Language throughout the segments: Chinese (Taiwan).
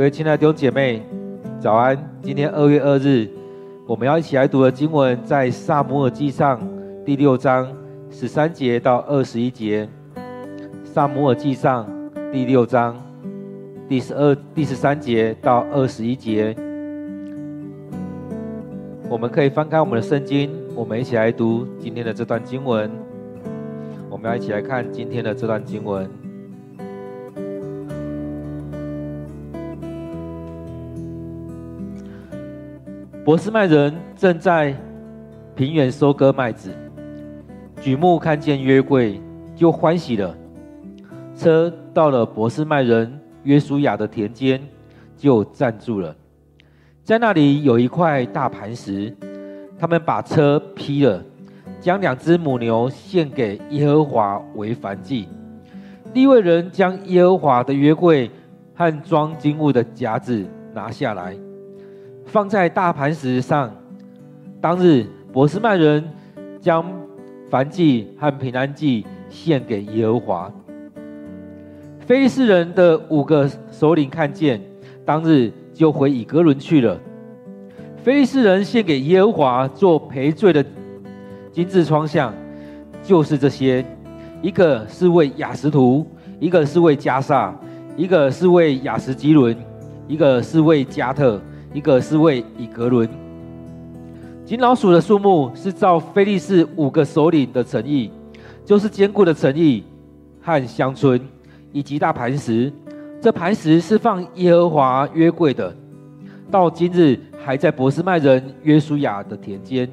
各位親愛的弟兄姐妹，早安！今天二月二日，我們要一起來讀的經文在《撒母耳記上》第六章十三節到二十一節，《撒母耳記上》第六章第十二、第十三節到二十一節。我們可以翻開我們的聖經，我們一起來讀今天的這段經文。我們要一起來看今天的這段經文。伯示麥人正在平原收割麥子，舉目看見約櫃，就歡喜了。車到了伯示麥人約書亞的田間，就站住了。在那裡有一塊大磐石，他們把車劈了，將兩隻母牛獻給耶和華為燔祭。利未人將耶和華的約櫃和裝金物的匣子拿下來，放在大磐石上。當日，伯示麥人將燔祭和平安祭獻給耶和華。非利士人的五個首領看見，當日就回以革倫去了。非利士人獻給耶和華做賠罪的金痔像，就是這些：一個是為亞實突，一個是為迦薩，一個是為亞實基倫，一個是為迦特。一個是為以格倫。金老鼠的數目是照非利士五個首領的城邑，就是堅固的城邑和鄉村以及大磐石。這磐石是放耶和華約櫃的，到今日還在伯示麥人約書亞的田間。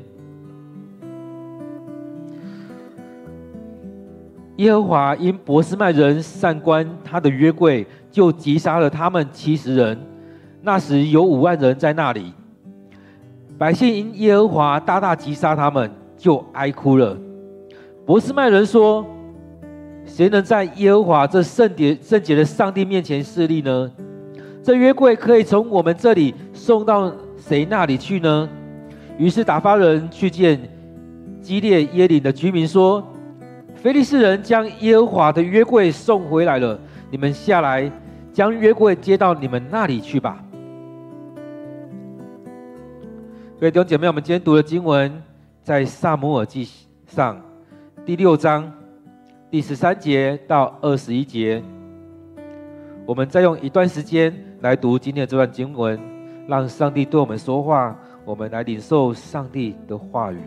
耶和華因伯示麥人擅觀他的約櫃，就擊殺了他們七十人。那時有五萬人在那裡，百姓因耶和華大大擊殺他們，就哀哭了。伯示麥人說：“誰能在耶和華這聖潔聖潔的上帝面前侍立呢？這約櫃可以從我們這裡送到誰那裡去呢？”於是打發人去見基列耶琳的居民，說：“非利士人將耶和華的約櫃送回來了，你們下來將約櫃接到你們那裡去吧。”各位弟兄姐妹，我們今天讀的經文在《撒母耳記》上第六章第十三節到二十一節。我們再用一段時間來讀今天的這段經文，讓上帝對我們說話，我們來領受上帝的話語。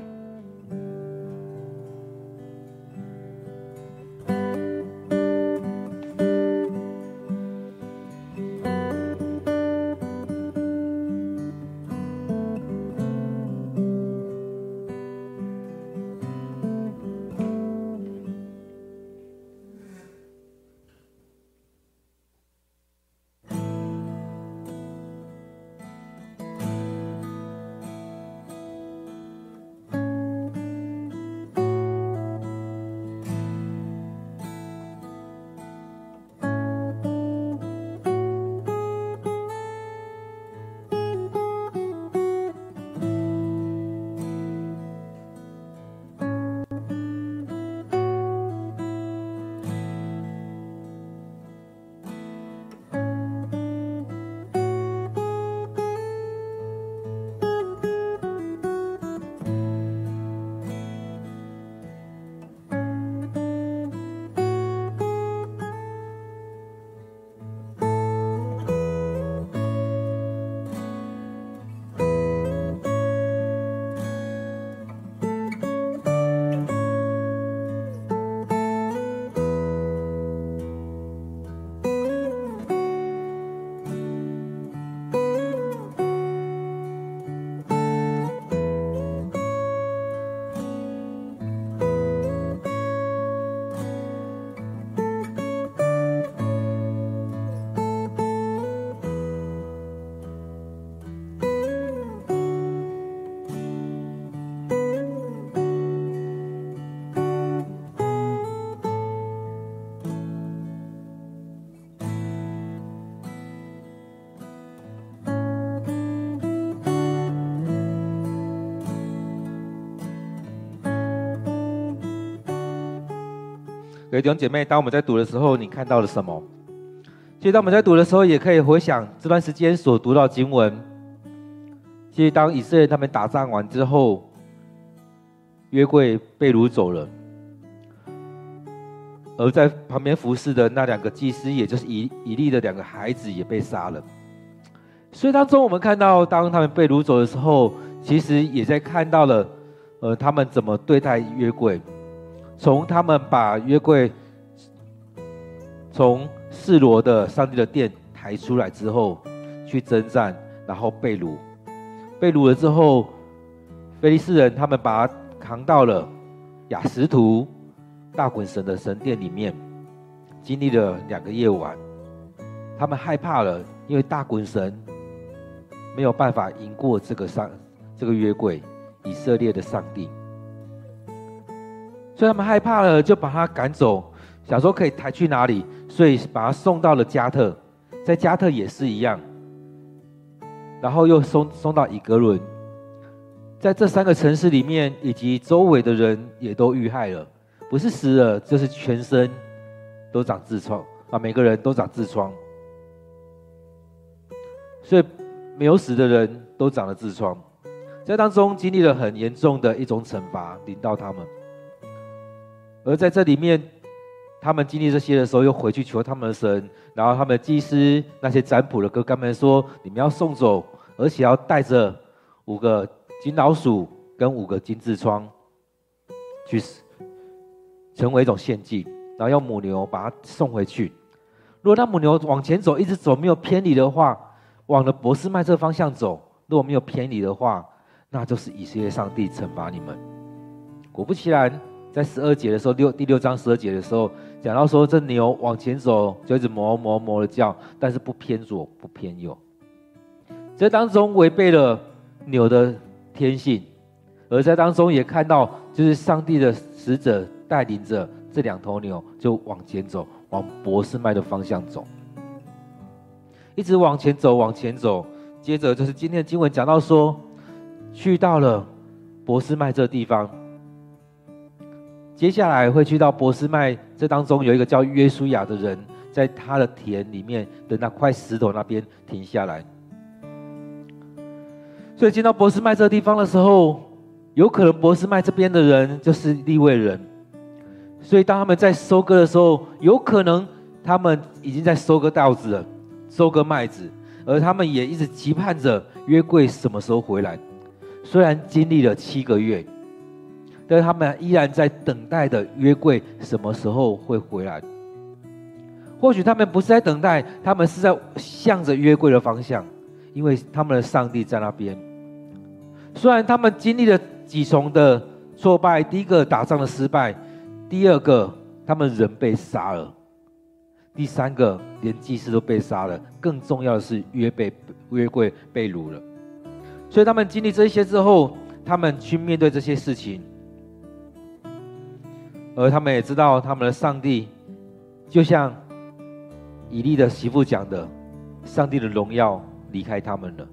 各位弟兄姐妹，當我們在讀的時候，你看到了什麼？其實當我們在讀的時候，也可以回想這段時間所讀到的經文。其實當以色列他們打仗完之後，約櫃被擄走了，而在旁邊服侍的那兩個祭司，也就是以以利的兩個孩子也被殺了。所以當中我們看到，當他們被擄走的時候，其實也在看到了，呃，他們怎麼對待約櫃。從他們把約櫃從示羅的上帝的殿抬出來之後，去征戰，然後被擄，被擄了之後，非利士人他們把他扛到了亞實突大袞神的神殿裡面，經歷了兩個夜晚，他們害怕了，因為大袞神沒有辦法贏過這個上這個約櫃以色列的上帝。所以他們害怕了，就把他趕走，想說可以抬去哪裡，所以把他送到了迦特，在迦特也是一樣，然後又送送到以革倫，在這三個城市裡面以及周圍的人也都遇害了，不是死了就是全身都長痔瘡啊，每個人都長痔瘡，所以沒有死的人都長了痔瘡，在當中經歷了很嚴重的一種懲罰，臨到他們。而在這裡面，他們經歷這些的時候，又回去求他們的神，然後他們的祭司那些占卜的哥哥們，他們說：你們要送走，而且要帶着五個金老鼠跟五個金痔瘡，去成為一種獻祭，然後用母牛把它送回去。如果那母牛往前走，一直走沒有偏離的話，往了伯示麥這方向走，如果沒有偏離的話，那就是以色列上帝懲罰你們。果不其然。在十二節的時候，六第六章十二節的時候，講到說這牛往前走，就一直哞哞哞的叫，但是不偏左不偏右，這當中違背了牛的天性，而在當中也看到，就是上帝的使者帶領着這兩頭牛就往前走，往伯示麥的方向走，一直往前走往前走，接着就是今天的經文講到說，去到了伯示麥這地方。接下來會去到伯示麥，這當中有一個叫約書亞的人，在他的田裡面的那塊石頭那邊停下來。所以進到伯示麥這個地方的時候，有可能伯示麥這邊的人就是利未人，所以當他們在收割的時候，有可能他們已經在收割稻子了，收割麥子，而他們也一直期盼着約櫃什麼時候回來。雖然經歷了七個月。但是他們依然在等待的約櫃什麼時候會回來？或許他們不是在等待，他們是在向着約櫃的方向，因為他們的上帝在那邊。雖然他們經歷了幾重的挫敗，第一個打仗的失敗，第二個他們人被殺了，第三個連祭司都被殺了，更重要的是約被約櫃被擄了。所以他們經歷這些之後，他們去面對這些事情。而他們也知道，他們的上帝，就像以利的媳婦講的，上帝的榮耀離開他們了，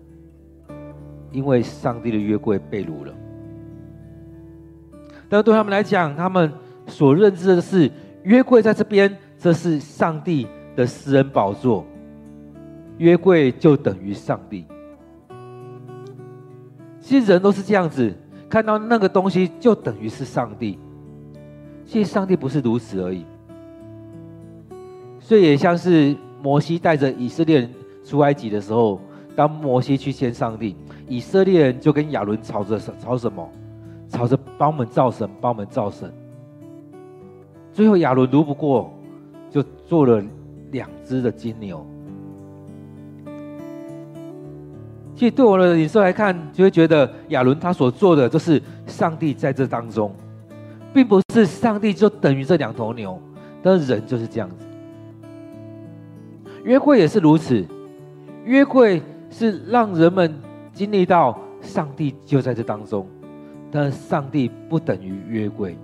因為上帝的約櫃被擄了。但對他們來講，他們所認知的是約櫃在這邊，這是上帝的私人寶座，約櫃就等於上帝。其實人都是這樣子，看到那個東西就等於是上帝。其實上帝不是如此而已，所以也像是摩西帶着以色列人出埃及的時候，當摩西去見上帝，以色列人就跟亞倫吵着吵什麼，吵着幫我們造神，幫我們造神。最後亞倫如不過，就做了兩隻的金牛。其實對我的感受來看，就會覺得亞倫他所做的，就是上帝在這當中。並不是上帝就等於這兩頭牛，但是人就是這樣子。約櫃也是如此，約櫃是讓人們經歷到上帝就在這當中，但上帝不等於約櫃，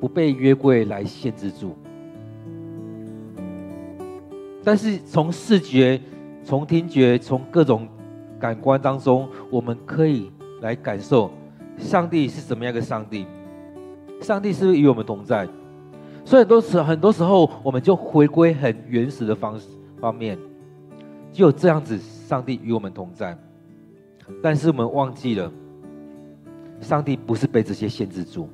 不被約櫃來限制住。但是從視覺、從聽覺、從各種感官當中，我們可以來感受上帝是怎麼樣的上帝。上帝是不是與我們同在，所以很多時，很多時候我們就回歸很原始的方方面，只有這樣子，上帝與我們同在。但是我們忘記了，上帝不是被這些限制住，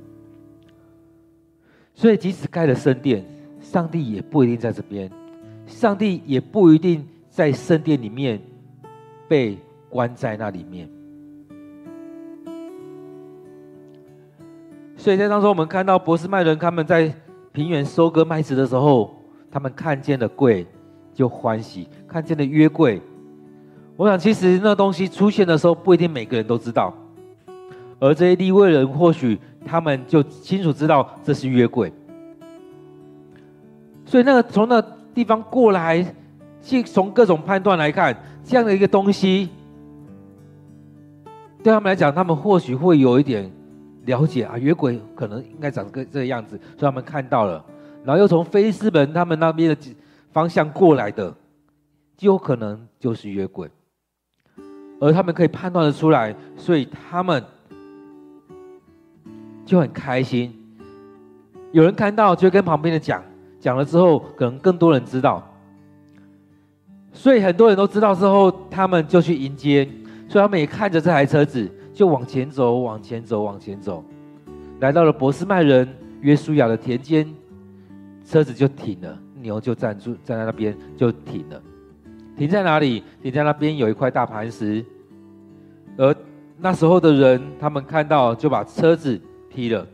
所以即使開了聖殿，上帝也不一定在這邊，上帝也不一定在聖殿裡面被關在那裡面。所以在當時，我們看到伯示麥人他們在平原收割麥子的時候，他們看見了櫃，就歡喜；看見了約櫃。我想其實那東西出現的時候，不一定每個人都知道。而這些利未人，或許他們就清楚知道這是約櫃。所以那個從那個地方過來，從各種判斷來看，這樣的一個東西，對他們來講，他們或許會有一點。了解啊，約櫃可能應該長個這個樣子，所以他們看到了，然後又從菲斯門他們那邊的方向過來的，就有可能就是約櫃。而他們可以判斷得出來，所以他們就很開心。有人看到就跟旁邊的講，講了之後可能更多人知道，所以很多人都知道之後，他們就去迎接，所以他們也看着這台車子，就往前走，往前走，往前走，來到了伯示麥人約書亞的田間，車子就停了，牛就站住，站在那邊就停了。停在哪裡？停在那邊有一塊大磐石。而那時候的人，他們看到就把車子劈了。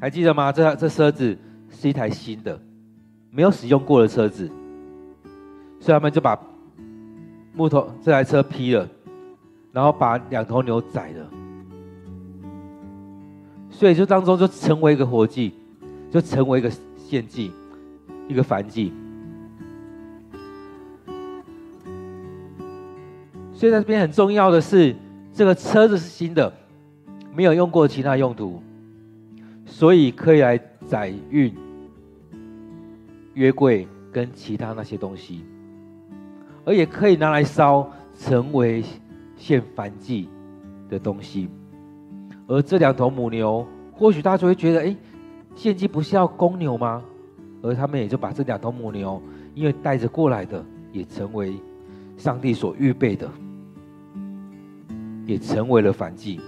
還記得嗎？這這車子是一台新的，沒有使用過的車子，所以他們就把木頭這台車劈了。然後把兩頭牛宰了，所以就當中就成為一個活祭，就成為一個獻祭，一個燔祭。所以在這邊很重要的是，這個車子是新的，沒有用過其他用途，所以可以來載運約櫃跟其他那些東西，而也可以拿來燒，成為。獻燔祭的東西，而這兩頭母牛，或許大家就會覺得，哎，獻祭不是要公牛嗎？而他們也就把這兩頭母牛，因為帶着過來的，也成為上帝所預備的，也成為了燔祭。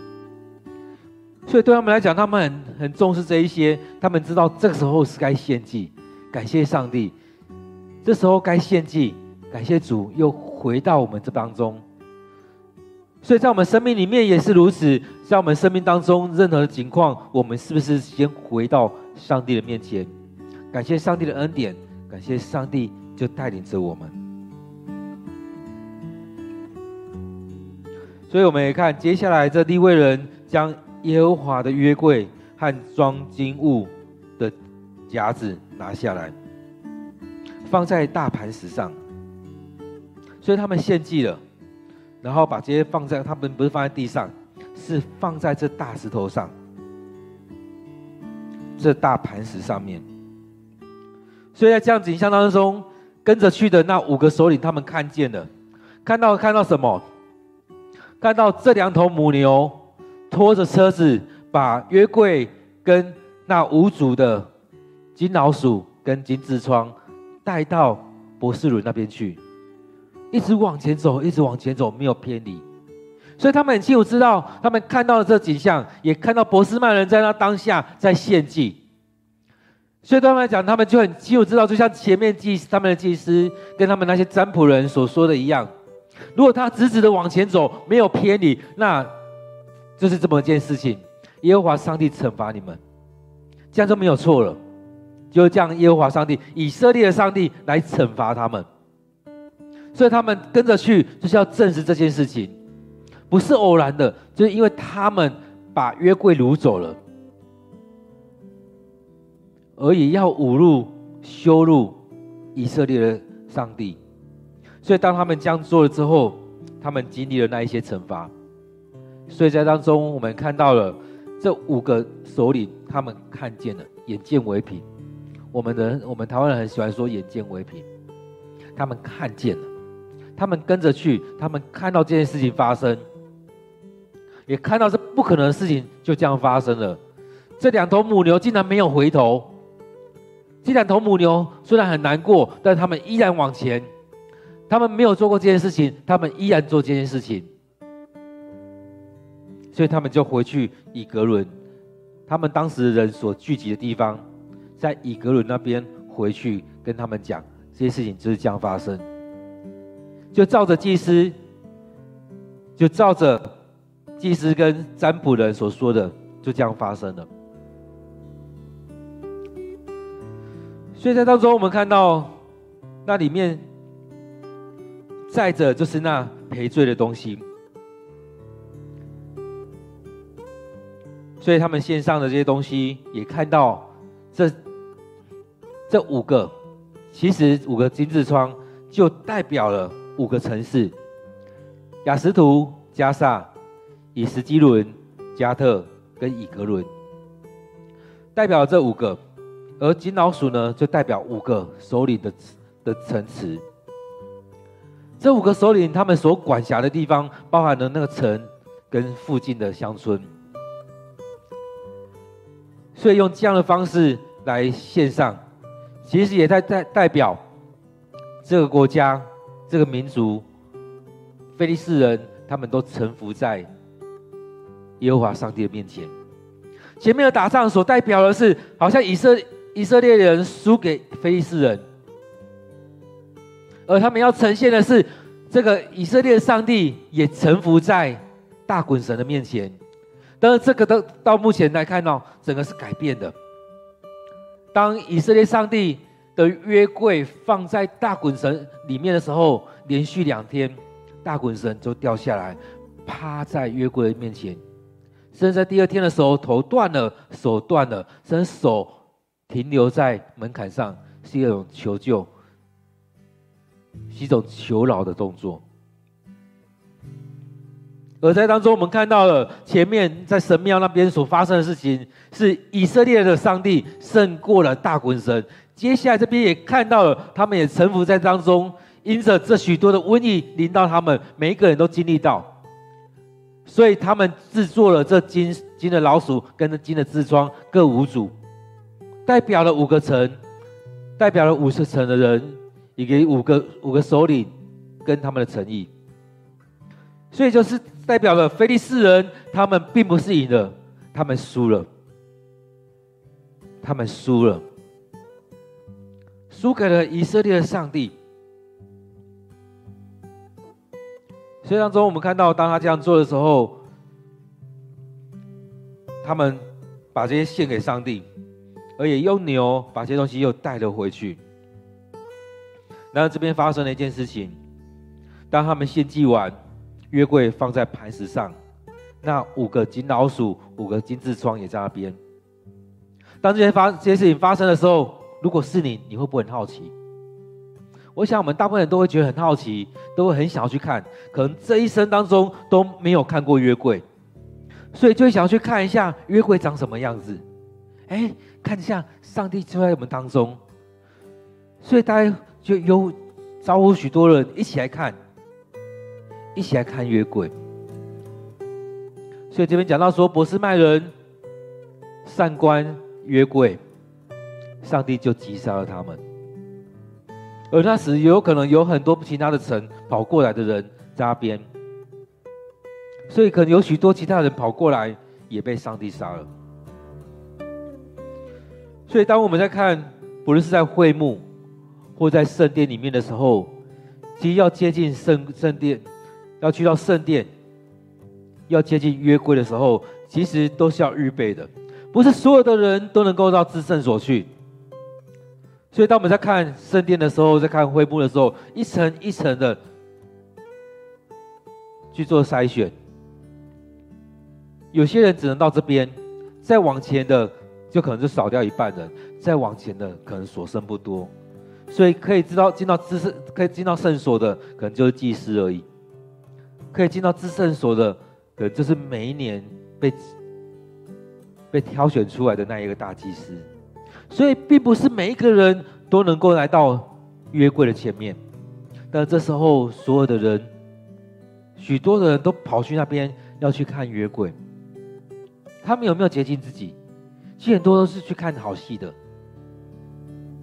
所以對他們來講，他們很很重視這一些，他們知道這個時候是該獻祭，感謝上帝，這時候該獻祭，感謝主又回到我們這當中。所以在我們生命裡面也是如此，在我們生命當中，任何的情況，我們是不是先回到上帝的面前？感謝上帝的恩典，感謝上帝就帶領着我們。所以我們也看，接下來這利未人將耶和華的約櫃和裝金物的匣子拿下來，放在大磐石上，所以他們獻祭了。然後把這些放在他們，不是放在地上，是放在這大石頭上，這大磐石上面。所以在這樣景象當中，跟着去的那五個首領他們看見了，看到，看到什麼？看到這兩頭母牛拖着車子，把約櫃跟那五組的金老鼠跟金痔瘡帶到伯示麥那邊去。一直往前走，一直往前走，沒有偏離，所以他們很清楚知道，他們看到了這景象，也看到伯示麥人在那當下在獻祭，所以對他們來講，他們就很清楚知道，就像前面祭他們的祭司跟他們那些占卜人所說的一樣，如果他直直的往前走，沒有偏離，那就是這麼一件事情，耶和華上帝懲罰你們，這樣就沒有錯了，就這樣，耶和華上帝，以色列的上帝來懲罰他們。所以他們跟着去，就是要證實這件事情，不是偶然的，就是因為他們把約櫃擄走了，而也要侮辱羞辱以色列的上帝。所以當他們這樣做了之後，他們經歷了那一些懲罰。所以在當中，我們看到了這五個首領，他們看見了，眼見為憑。我們的，我們台灣人很喜歡說“眼見為憑”，他們看見了。他們跟着去，他們看到這件事情發生，也看到這不可能的事情就這樣發生了。這兩頭母牛竟然沒有回頭，這兩頭母牛雖然很難過，但他們依然往前。他們沒有做過這件事情，他們依然做這件事情。所以他們就回去以革倫，他們當時的人所聚集的地方，在以革倫那邊回去跟他們講，這些事情就是這樣發生。就照着祭司，就照着祭司跟占卜人所說的，就這樣發生了。所以在當中，我們看到那裡面，再者就是那賠罪的東西。所以他們獻上的這些東西，也看到這這五個，其實五個金痔瘡就代表了。五個城市：亞實突、迦薩、亞實基倫、迦特跟以革倫，代表這五個；而金老鼠呢，就代表五個首領的的城池。這五個首領他們所管轄的地方，包含了那個城跟附近的鄉村。所以用這樣的方式來獻上，其實也在代代表這個國家。這個民族，非利士人，他們都臣服在耶和華上帝的面前。前面的打仗所代表的是，好像以色以色列人輸給非利士人，而他們要呈現的是，這個以色列上帝也臣服在大袞神的面前。但是這個到到目前來看呢，哦，整個是改變的。當以色列上帝的約櫃放在大袞神裡面的時候，連續兩天，大袞神就掉下來，趴在約櫃的面前。甚至在第二天的時候，頭斷了，手斷了，甚至手停留在門檻上，是一種求救，是一種求饒的動作。而在當中，我們看到了前面在神廟那邊所發生的事情，是以色列的上帝勝過了大袞神。接下來這邊也看到了，他們也臣服在當中，因着這許多的瘟疫臨到他們，每一個人都經歷到，所以他們製作了這金金的老鼠跟金的痔瘡各五組，代表了五個城，代表了五十城的人，也給五個五個首領跟他們的誠意，所以就是代表了非利士人，他們並不是贏了，他們輸了，他們輸了。租給了以色列的上帝。所以當中，我們看到，當他這樣做的時候，他們把這些獻給上帝，而且用牛把這些東西又帶了回去。然後這邊發生了一件事情：當他們獻祭完，約櫃放在磐石上，那五個金老鼠、五個金痔瘡也在那邊。當這些發、這些事情發生的時候，如果是你，你會不會很好奇？我想我們大部分人都會覺得很好奇，都會很想要去看，可能這一生當中都沒有看過約櫃，所以就會想要去看一下約櫃長什麼樣子。哎，看一下上帝就在我們當中，所以大家就有招呼許多人一起來看，一起來看約櫃。所以這邊講到說，伯示麥人擅觀約櫃。上帝就擊殺了他們，而那時也有可能有很多其他的城跑過來的人在那邊，所以可能有許多其他人跑過來也被上帝殺了。所以當我們在看，不論是在會幕或在聖殿裡面的時候，其實要接近聖，聖殿，要去到聖殿，要接近約櫃的時候，其實都是要預備的，不是所有的人都能夠到至聖所去。所以，當我們在看聖殿的時候，在看會幕的時候，一層一層的去做篩選，有些人只能到這邊，再往前的就可能就少掉一半人，再往前的可能所剩不多，所以可以知道進到至聖可以進到聖所的，可能就是祭司而已；可以進到至聖所的，可能就是每一年被被挑選出來的那一個大祭司。所以，並不是每一個人都能夠來到約櫃的前面。但這時候，所有的人，許多的人都跑去那邊要去看約櫃。他們有沒有接近自己？其實很多都是去看好戲的，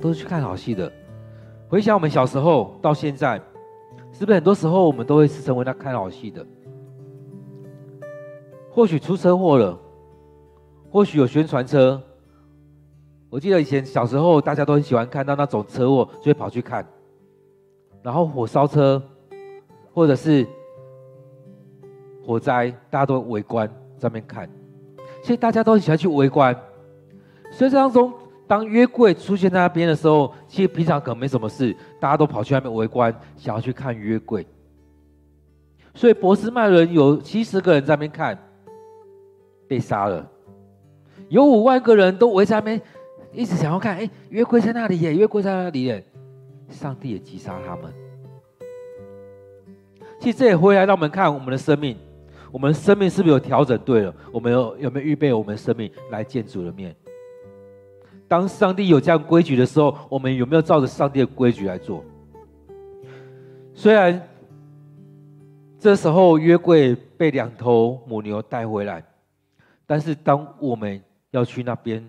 都是去看好戲的。回想我們小時候到現在，是不是很多時候我們都會是成為那看好戲的？或許出車禍了，或許有宣傳車。我記得以前小時候，大家都很喜歡看到那種車禍，就會跑去看。然後火燒車，或者是火災，大家都圍觀在那邊看。其實大家都很喜歡去圍觀，所以這當中，當約櫃出現在那邊的時候，其實平常可能沒什麼事，大家都跑去外面圍觀，想要去看約櫃。所以伯示麥人有七十個人在那邊看，被殺了。有五萬個人都圍在那邊。一直想要看，哎，約櫃在那裡耶，約櫃在那裡耶，上帝也擊殺他們。其實這也回來讓我們看我們的生命，我們的生命是不是有調整對了？我們有有沒有預備我們的生命來見主的面？當上帝有這樣規矩的時候，我們有沒有照着上帝的規矩來做？雖然這時候約櫃被兩頭母牛帶回來，但是當我們要去那邊。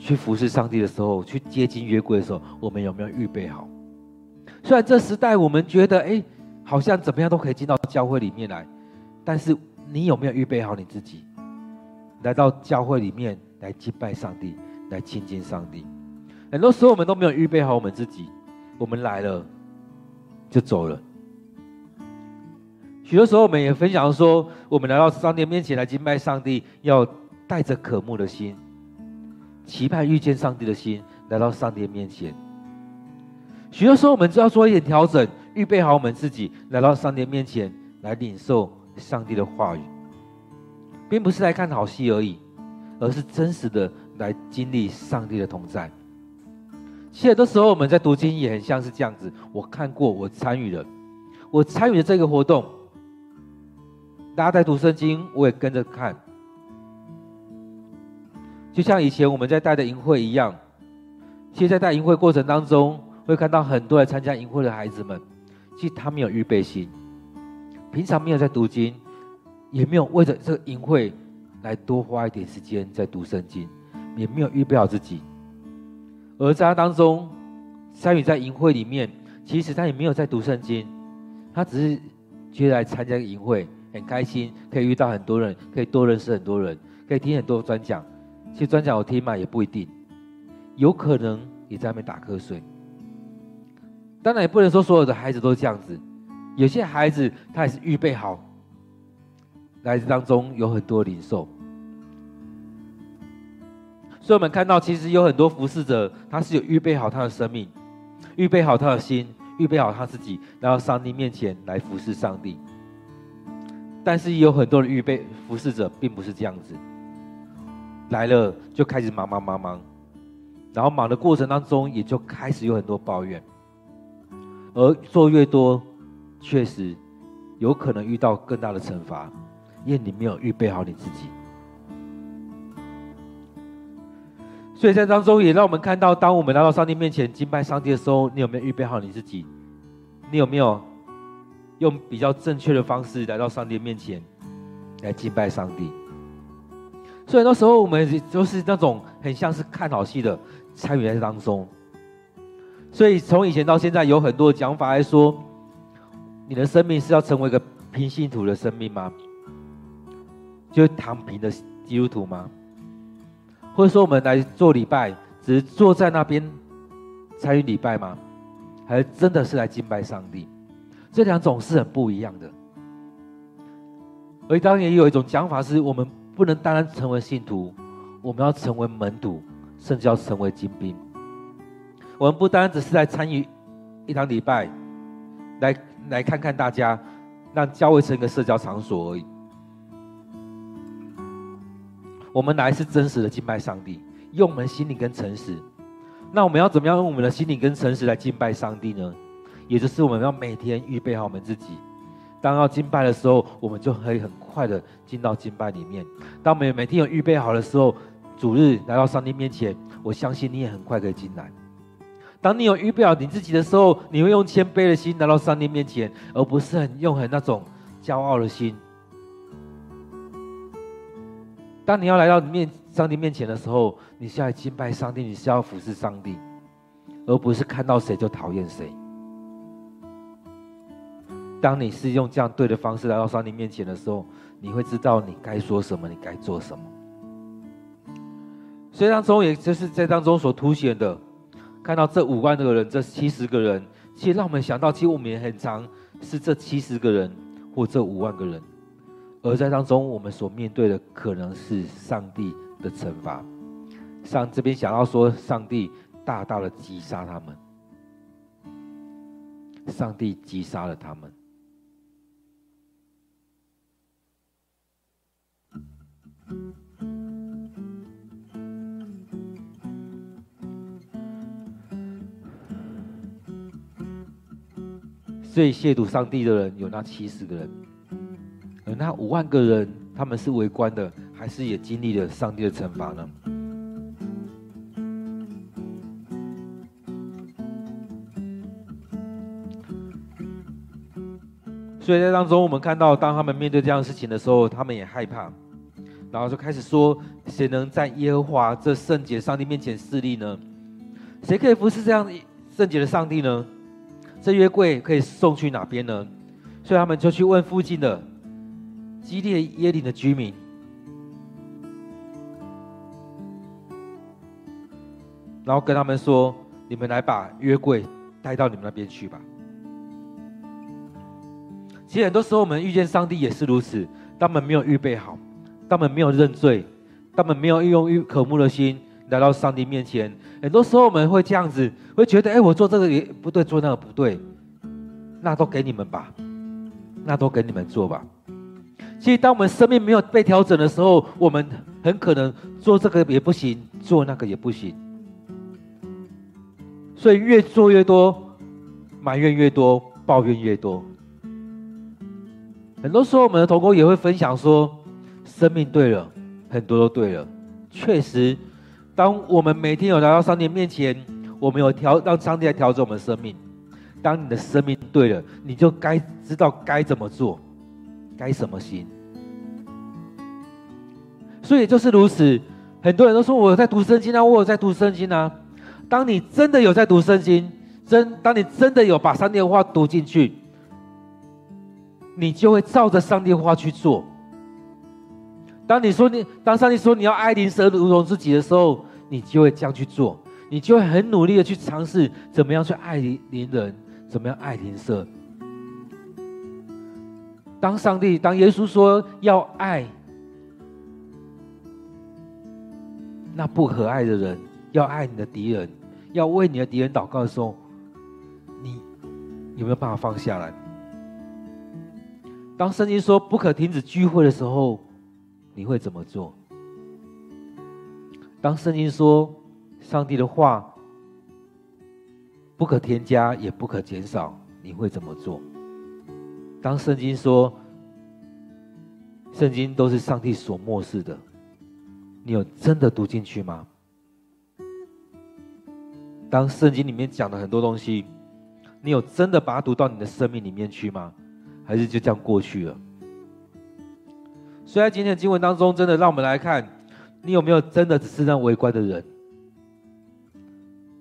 去服侍上帝的時候，去接近約櫃的時候，我們有沒有預備好？雖然這時代我們覺得，哎，好像怎麼樣都可以進到教會裡面來，但是你有沒有預備好你自己？來到教會裡面來敬拜上帝，來親近上帝，很多時候我們都沒有預備好我們自己，我們來了就走了。許多時候我們也分享說，我們來到上帝面前來敬拜上帝，要帶着渴慕的心。期盼遇見上帝的心，來到上帝面前。許多時候，我們就要做一點調整，預備好我們自己，來到上帝面前來領受上帝的話語，並不是來看好戲而已，而是真實的來經歷上帝的同在。其實，很多時候我們在讀經也很像是這樣子。我看過，我參與了，我參與了這個活動。大家在讀聖經，我也跟着看。就像以前我們在帶的營會一樣，其實在帶營會過程當中，會看到很多來參加營會的孩子們。其實他們有預備心，平常沒有在讀經，也沒有為着這個營會來多花一點時間在讀聖經，也沒有預備好自己。而在他當中，三宇在營會裡面，其實他也沒有在讀聖經，他只是覺得來參加營會很開心，可以遇到很多人，可以多認識很多人，可以聽很多專講。其實專講我聽嘛，也不一定，有可能也在外面打瞌睡。當然也不能說所有的孩子都這樣子，有些孩子他也是預備好，來自當中有很多領受。所以我們看到，其實有很多服侍者，他是有預備好他的生命，預備好他的心，預備好他自己，來到上帝面前來服侍上帝。但是有很多的預備服侍者，並不是這樣子。來了就開始忙忙忙忙，然後忙的過程當中，也就開始有很多抱怨。而做越多，確實有可能遇到更大的懲罰，因為你沒有預備好你自己。所以在當中也讓我們看到，當我們來到上帝面前敬拜上帝的時候，你有沒有預備好你自己？你有沒有用比較正確的方式來到上帝面前來敬拜上帝？所以那時候我們就是那種很像是看好戲的參與在當中。所以從以前到現在有很多講法來說，你的生命是要成為一個平信徒的生命嗎？就是躺平的基督徒嗎？或者說我們來做禮拜只是坐在那邊參與禮拜嗎？還是真的是來敬拜上帝？這兩種是很不一樣的。而當年有一種講法是我們。不能單單成為信徒，我們要成為門徒，甚至要成為精兵。我們不單只是來參與一場禮拜，來來看看大家，讓教會成一個社交場所而已。我們來是真實的敬拜上帝，用我們的心靈跟誠實。那我們要怎麼樣用我們的心靈跟誠實來敬拜上帝呢？也就是我們要每天預備好我們自己。當要敬拜的時候，我們就可以很快的進到敬拜裡面。當我們每天有預備好的時候，主日來到上帝面前，我相信你也很快可以進來。當你有預備好你自己的時候，你會用謙卑的心來到上帝面前，而不是很用很那種驕傲的心。當你要來到你面上帝面前的時候，你是要敬拜上帝，你是要服侍上帝，而不是看到誰就討厭誰。當你是用這樣對的方式來到上帝面前的時候，你會知道你該說什麼，你該做什麼。所以當中也就是在當中所凸顯的，看到這五萬個人，這七十個人，其實讓我們想到，其實我們也很常是這七十個人或這五萬個人，而在當中我們所面對的可能是上帝的懲罰。上帝這邊想要說，上帝大大的擊殺他們，上帝擊殺了他們。所以褻瀆上帝的人有那七十個人，而那五萬個人，他們是圍觀的，還是也經歷了上帝的懲罰呢？所以在當中，我們看到，當他們面對這樣的事情的時候，他們也害怕。然後就開始說：“誰能在耶和華這聖潔上帝面前侍立呢？誰可以服侍這樣聖潔的上帝呢？這約櫃可以送去哪邊呢？”所以他們就去問附近的基列耶林的居民，然後跟他們說：“你們來把約櫃帶到你們那邊去吧。”其實很多時候我們遇見上帝也是如此，當我們沒有預備好。他們沒有認罪，他們沒有用一顆渴慕的心來到上帝面前。很多時候我們會這樣子，會覺得：哎，我做這個也不對，做那個不對，那都給你們吧，那都給你們做吧。其實，當我們生命沒有被調整的時候，我們很可能做這個也不行，做那個也不行，所以越做越多，埋怨越多，抱怨越多。很多時候，我們的同工也會分享說。生命對了，很多都對了。確實，當我們每天有來到上帝面前，我們有調讓上帝來調整我們的生命。當你的生命對了，你就該知道該怎麼做，該什麼行。所以就是如此，很多人都說我有在讀聖經啊，我有在讀聖經啊。當你真的有在讀聖經，真當你真的有把上帝的話讀進去，你就會照着上帝的話去做。當你說你，當上帝說你要愛鄰舍如同自己的時候，你就會這樣去做，你就會很努力的去嘗試怎麼樣去愛鄰人，怎麼樣愛鄰舍。當上帝，當耶穌說要愛，那不可愛的人，要愛你的敵人，要為你的敵人禱告的時候，你有沒有辦法放下來？當聖經說不可停止聚會的時候。你會怎麼做？當聖經說上帝的話不可添加，也不可減少，你會怎麼做？當聖經說聖經都是上帝所默示的，你有真的讀進去嗎？當聖經裡面講的很多東西，你有真的把它讀到你的生命裡面去嗎？還是就這樣過去了？雖然今天的經文當中，真的讓我們來看，你有沒有真的只是那圍觀的人？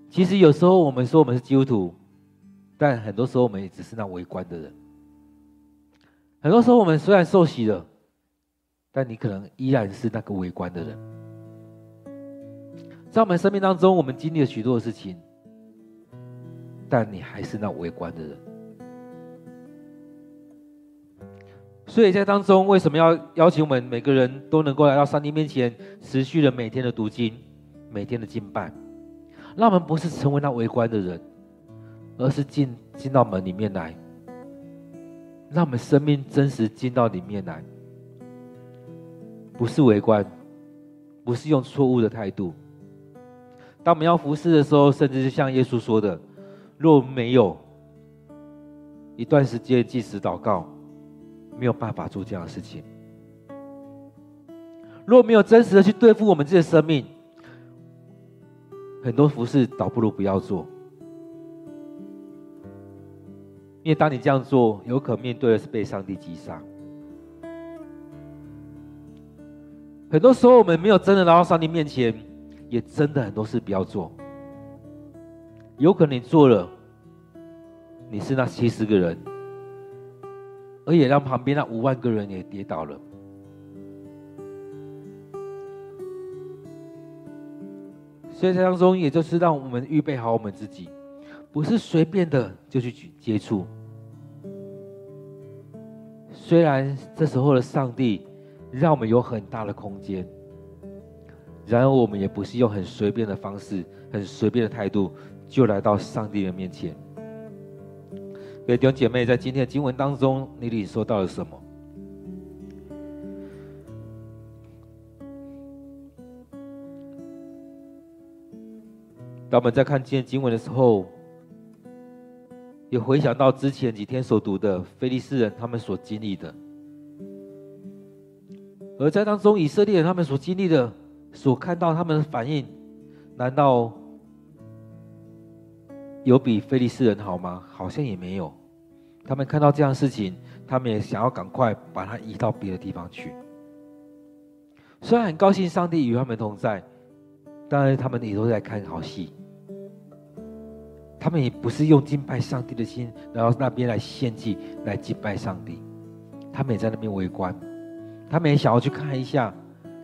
其實有時候我們說我們是基督徒，但很多時候我們也只是那圍觀的人。很多時候我們雖然受洗了，但你可能依然是那個圍觀的人。在我們生命當中，我們經歷了許多的事情，但你還是那圍觀的人。所以在當中，為什麼要邀請我們每個人都能夠來到上帝面前，持續地每天的讀經、每天的敬拜？讓我們不是成為那圍觀的人，而是進進到門裡面來，讓我們生命真實進到裡面來，不是圍觀，不是用錯誤的態度。當我們要服侍的時候，甚至就像耶穌說的：“若我們沒有一段時間即時禱,禱,禱告。”沒有辦法做這樣的事情。如果沒有真實的去對付我們自己的生命，很多服事，倒不如不要做。因為當你這樣做，有可能面對的是被上帝擊殺。很多時候，我們沒有真的來到上帝面前，也真的很多事不要做。有可能你做了，你是那七十個人。而且讓旁邊那五萬個人也跌倒了。所以，這當中也就是讓我們預備好我們自己，不是隨便的就去接觸。雖然這時候的上帝讓我們有很大的空間，然而我們也不是用很隨便的方式，很隨便的態度就來到上帝的面前。各位弟兄姐妹，在今天的經文當中，你裡說到了什麼？當我們在看今天經文的時候，也回想到之前幾天所讀的非利士人他們所經歷的，而在當中以色列人他們所經歷的、所看到他們的反應，難道有比非利士人好嗎？好像也沒有。他們看到這樣的事情，他們也想要趕快把它移到別的地方去。雖然很高興上帝與他們同在，但是他們也都在看好戲。他們也不是用敬拜上帝的心，然後那邊來獻祭來敬拜上帝。他們也在那邊圍觀，他們也想要去看一下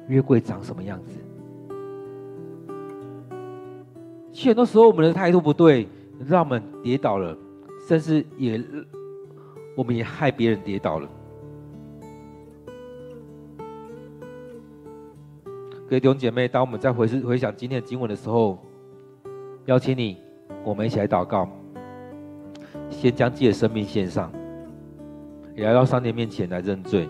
約櫃長什麼樣子。其實很多時候我們的態度不對，讓我們跌倒了，甚至也。我們也害別人跌倒了。各位弟兄姐妹，當我們再回思回想今天的經文的時候，邀請你，我們一起來禱告，先將自己的生命獻上，也來到上帝面前來認罪。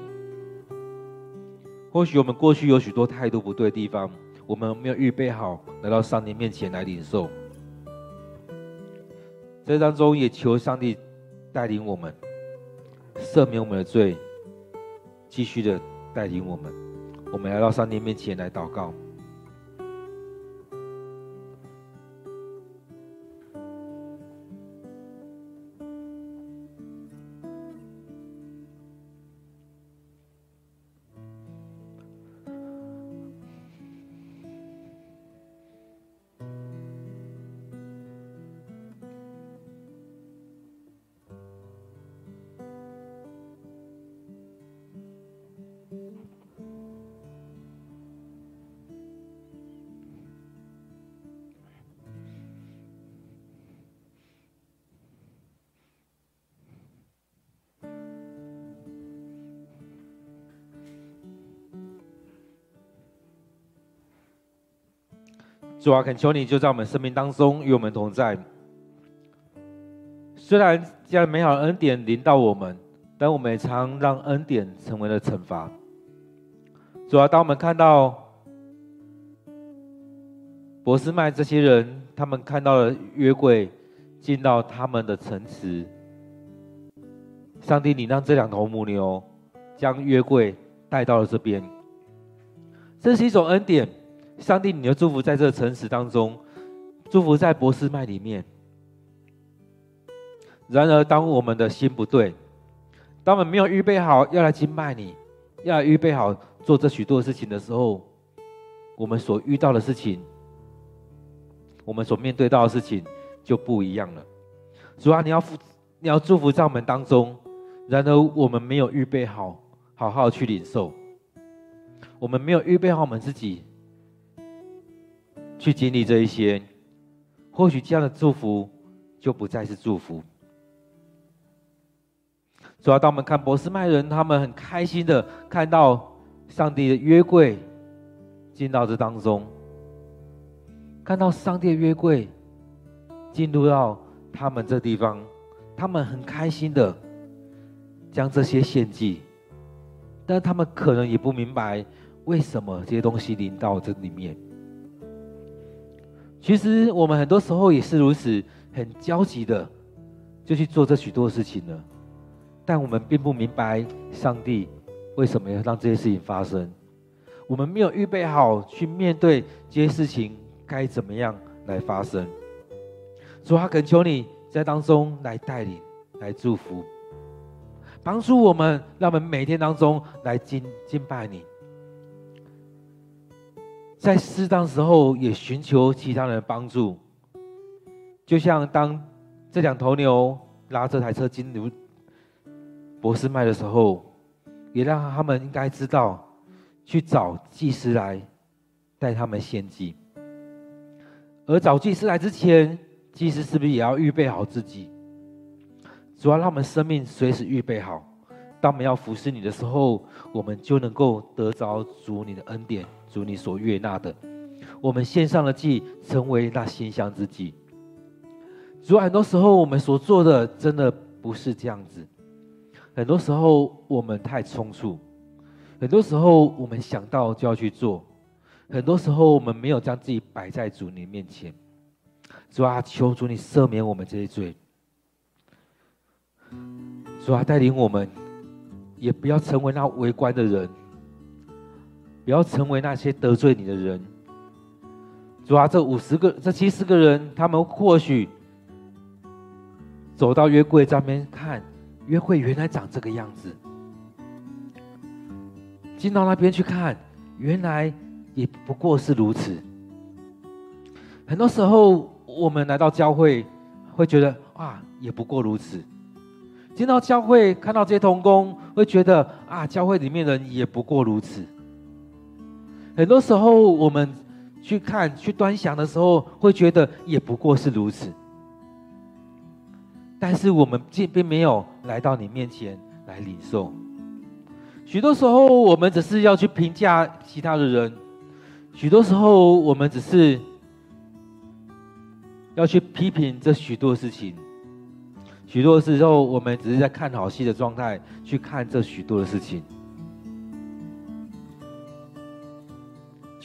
或許我們過去有許多態度不對的地方，我們沒有預備好來到上帝面前來領受。這當中也求上帝帶領我們。赦免我們的罪，繼續的帶領我們。我們來到上帝面前來禱告。主啊，懇求你就在我們生命當中與我們同在。雖然將美好的恩典臨到我們，但我們也常讓恩典成為了懲罰。主啊，當我們看到伯示麥這些人，他們看到了約櫃進到他們的城池，上帝，你讓這兩頭母牛將約櫃帶到了這邊，這是一種恩典。上帝，你的祝福在這個城市當中，祝福在伯示麥裡面。然而，當我們的心不對，當我們沒有預備好要來敬拜你，要來預備好做這許多事情的時候，我們所遇到的事情，我們所面對到的事情就不一樣了。主啊，你要福，你要祝福在我們當中。然而，我們沒有預備好，好好去領受，我們沒有預備好我們自己。去經歷這一些，或許這樣的祝福就不再是祝福。主，要當我們看伯示麥人，他們很開心的看到上帝的約櫃進到這當中，看到上帝的約櫃進入到他們這地方，他們很開心的將這些獻祭，但他們可能也不明白為什麼這些東西臨到這裡面。其實我們很多時候也是如此，很焦急的就去做這許多事情了，但我們並不明白上帝為什麼要讓這些事情發生，我們沒有預備好去面對這些事情該怎麼樣來發生。主啊，懇求你在當中來帶領、來祝福，幫助我們，讓我們每天當中來敬敬拜你。在適當時候也尋求其他人的幫助，就像當這兩頭牛拉這台車進入伯示麥的時候，也讓他們應該知道去找祭司來帶他們獻祭。而找祭司來之前，祭司是不是也要預備好自己？主要讓他們生命隨時預備好，當我們要服侍你的時候，我們就能夠得着主你的恩典。主你所悅納的，我們獻上了祭，成為那馨香之祭。主啊，很多時候我們所做的真的不是這樣子，很多時候我們太匆促，很多時候我們想到就要去做，很多時候我們沒有將自己擺在主你面前。主啊，求主你赦免我們這一罪。主啊，帶領我們，也不要成為那圍觀的人。不要成為那些得罪你的人。主啊，這五十個、這七十個人，他們或許走到約櫃這邊看，約櫃原來長這個樣子；進到那邊去看，原來也不過是如此。很多時候，我們來到教會，會覺得啊，也不過如此；進到教會，看到這些同工，會覺得啊，教會裡面的人也不過如此。很多時候，我們去看、去端詳的時候，會覺得也不過是如此。但是我們並並沒有來到你面前來領受。許多時候，我們只是要去評價其他的人；許多時候，我們只是要去批評這許多事情；許多時候，我們只是在看好戲的狀態去看這許多的事情。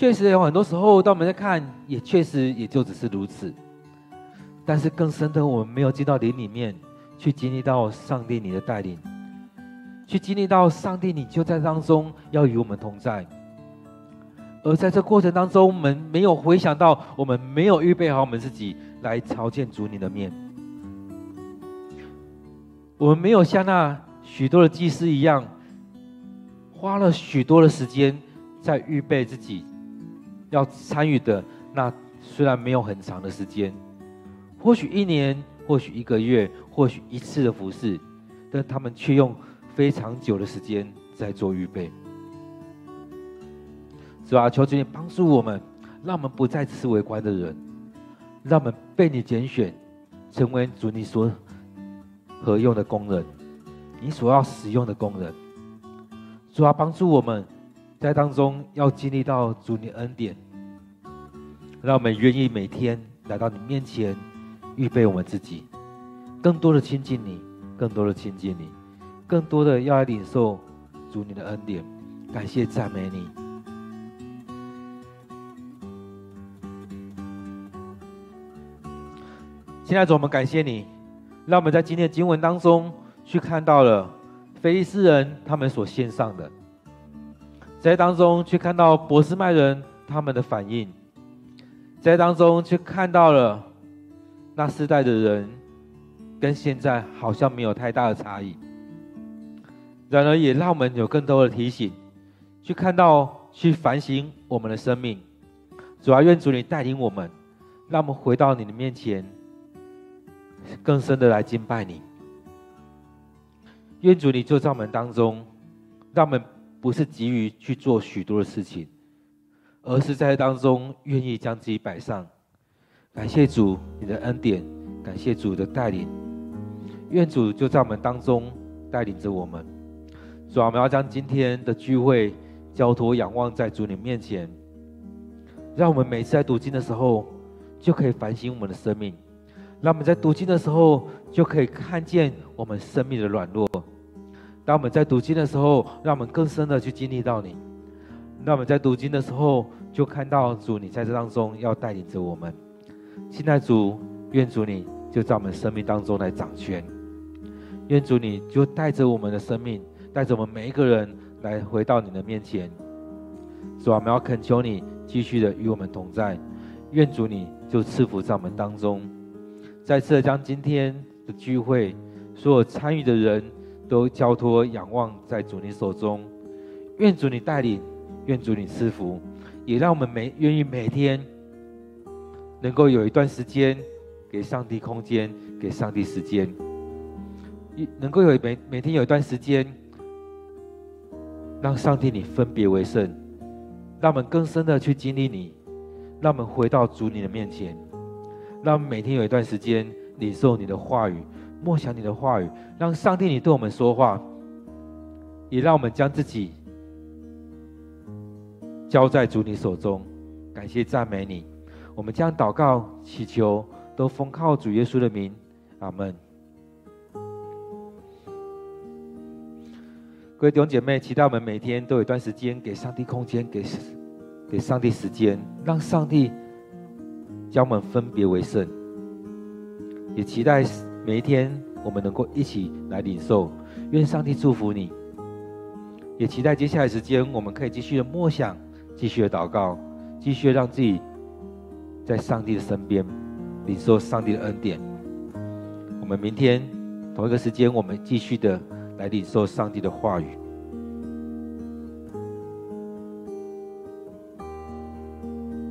確實有很多時候，當我們在看，也確實也就只是如此。但是更深的，我們沒有進到靈裡面去經歷到上帝你的帶領，去經歷到上帝你就在當中，要與我們同在。而在這過程當中，我們沒有回想到，我們沒有預備好我們自己來朝見主你的面。我們沒有像那許多的祭司一樣，花了許多的時間在預備自己。要參與的那雖然沒有很長的時間，或許一年，或許一個月，或許一次的服事，但他們卻用非常久的時間在做預備，是吧。主啊，求主你幫助我們，讓我們不再是圍觀的人，讓我們被你揀選，成為主你所合用的工人，你所要使用的工人。主啊，幫助我們。在當中要經歷到主你的恩典，讓我們願意每天來到你面前，預備我們自己，更多的親近你，更多的親近你，更多的要來領受主你的恩典，感謝讚美你。現在主我們感謝你，讓我們在今天的經文當中去看到了非利士人他們所獻上的。在當中去看到伯示麥人他們的反應，在當中去看到了那世代的人跟現在好像沒有太大的差異，然而也讓我們有更多的提醒，去看到去反省我們的生命。主啊，願主你帶領我們，讓我們回到你的面前，更深的來敬拜你。願主你坐在我們當中，讓我們。不是急於去做許多的事情，而是在當中願意將自己擺上，感謝主你的恩典，感謝主的帶領，願主就在我們當中帶領着我們。主要、啊、我們要將今天的聚會交托仰望在主你面前，讓我們每次在讀經的時候就可以反省我們的生命，讓我們在讀經的時候就可以看見我們生命的軟弱。當我們在讀經的時候，讓我們更深的去經歷到你，那我們在讀經的時候，就看到主，你在這當中要帶領着我們。現在，主，願主你就在我們生命當中來掌權，願主你就帶着我們的生命，帶着我們每一個人來回到你的面前。主啊，我們要懇求你繼續的與我們同在，願主你就賜福在我們當中。再次將今天的聚會，所有參與的人。都交託仰望在主你手中，願主你帶領，願主你賜福，也讓我們每願意每天能夠有一段時間給上帝空間，給上帝時間，能夠有每每天有一段時間，讓上帝你分別為聖，讓我們更深的去經歷你，讓我們回到主你的面前，讓我們每天有一段時間領受你的話語。默想你的話語，讓上帝你對我們說話，也讓我們將自己交在主你手中，感謝讚美你。我們將禱告、祈求都奉靠主耶穌的名，阿門。各位弟兄姐妹，期待我們每天都有一段時間，給上帝空間，給給上帝時間，讓上帝將我們分別為聖，也期待。每一天，我們能夠一起來領受，願上帝祝福你。也期待接下來時間，我們可以繼續的默想，繼續的禱告，繼續讓自己在上帝的身邊領受上帝的恩典。我們明天同一個時間，我們繼續的來領受上帝的話語。